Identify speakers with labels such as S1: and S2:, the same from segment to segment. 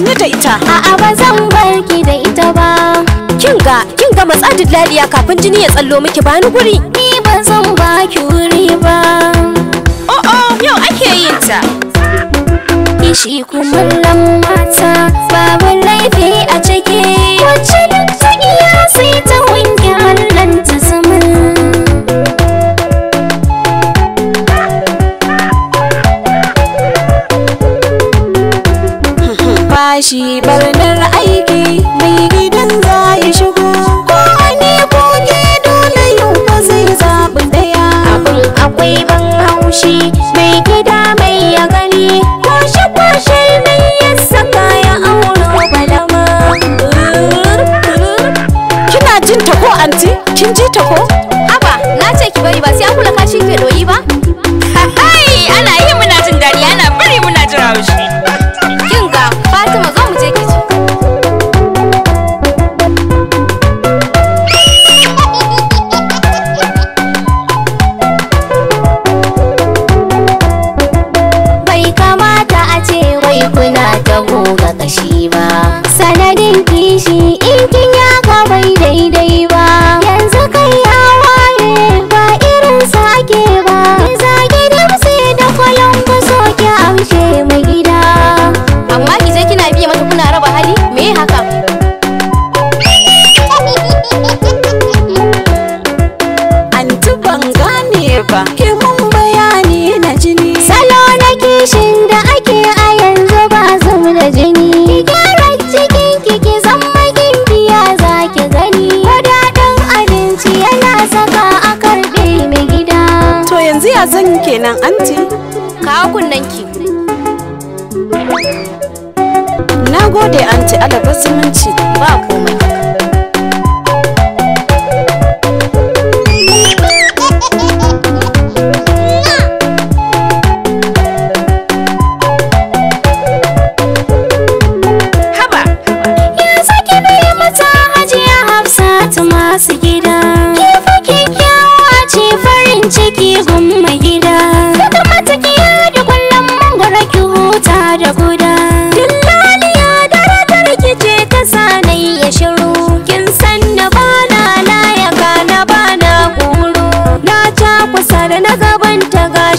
S1: sannu da ita a'a ba zan bar ki da ita ba kin ga kin ga matsa dillaliya kafin jini ya tsallo miki bani guri ni ba zan ba ki wuri ba oh oh yau ake yin ta kishi kuma mata babu laifi a tafiya zan yi kenan anti kawo kunnanki na gode anti alabar zumunci ba komai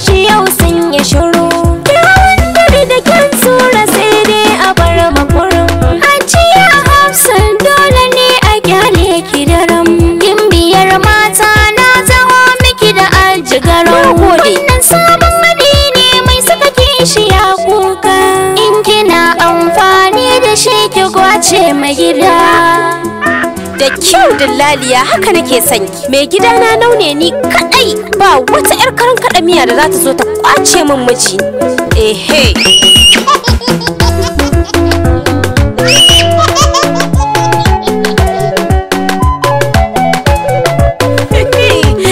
S1: gashi yau sun yi shiru Kyawun dare da kyan sura sai dai a bar makurin Ajiya hafsa dole ne a gyale ki daram Gimbiyar biyar mata na zama miki da ajigarau Wannan sabon gani ne mai saka kishi kuka In kina amfani da shi ki gwace mai gida da kyau dillaliya haka nake son ki mai gidana naune ni kadai ba wata yar karan kada miya da za ta zo ta kwace min miji ehe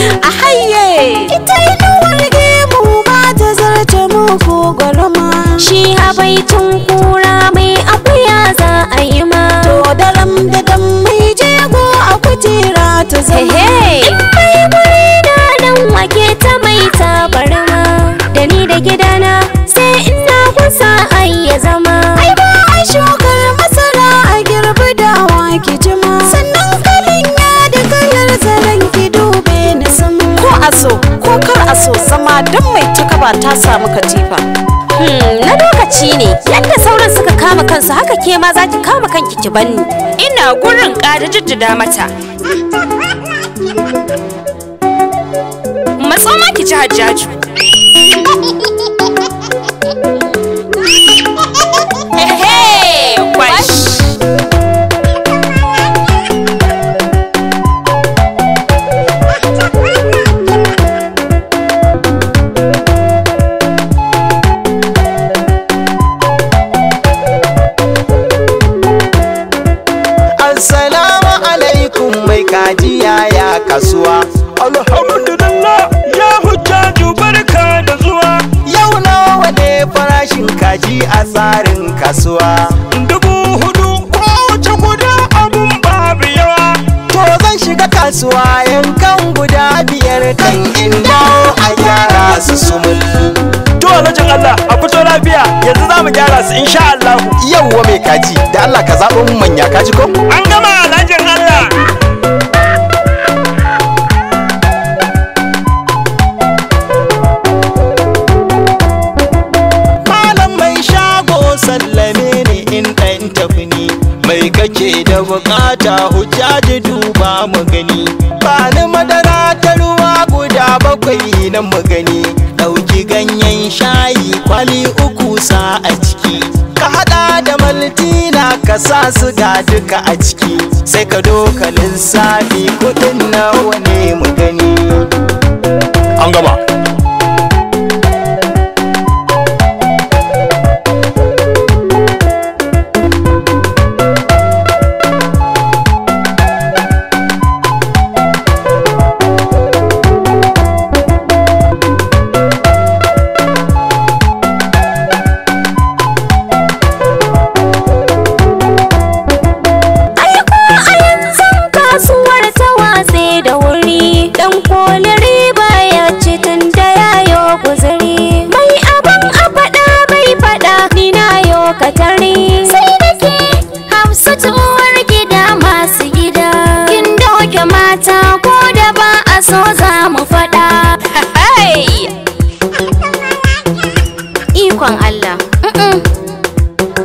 S1: a hayye ita ta samu katifa hmm na lokaci ne yadda sauran suka kama kansu haka ke ma za ki kama kanki ki banni ina gurin ƙara jijjida mata matso ma ki ci hajjaju kajiya ya kasuwa alhamdulillah ya hujjaju barka da zuwa yau nawa ne farashin kaji a tsarin kasuwa dubu hudu kowace guda abun babu yawa to zan shiga kasuwa yankan guda biyar kan in dawo a gyara su sumul to allah a fito lafiya yanzu za mu gyara su insha allah yauwa mai kaji da allah ka zaɓo mun manya kaji ko an gama mu gani ba madara ta ruwa guda bakwai nan mu gani ɗauki ganyen shayi kwali uku sa a ciki ka haɗa da maltina ka sa ga duka a ciki sai ka dokalin safi kuɗin nawa ne mu ikon Allah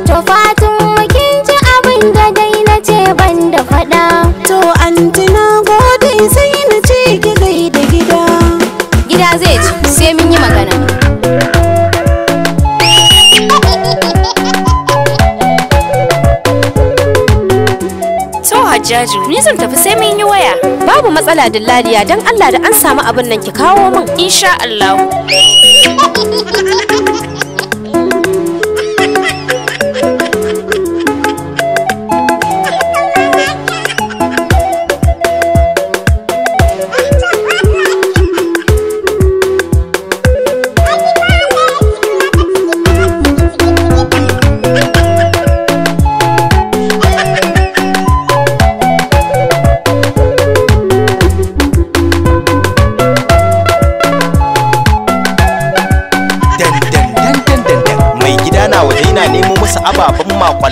S1: to fatun kin ji abin da dai na ce ban da faɗa to an ji na gode sai na ce ki gaida gida gida zai ci sai mun yi magana To Hajjaju, ni zan tafi sai mun yi waya. Babu matsala Ladiya don Allah da an samu abin nan ki kawo min. Insha Allah.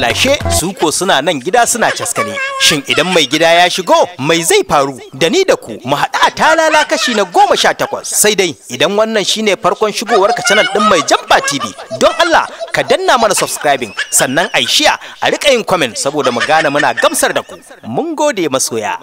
S1: lalashe su ko suna nan gida suna caskane shin idan mai gida ya shigo mai zai faru da ni da ku mu haɗu a talala kashi na goma sha takwas sai dai idan wannan shine farkon shigowar ka canal ɗin mai jamba tv don allah ka danna mana subscribing sannan ai shiya a riƙa yin comment saboda mu gane muna gamsar da ku mun gode masoya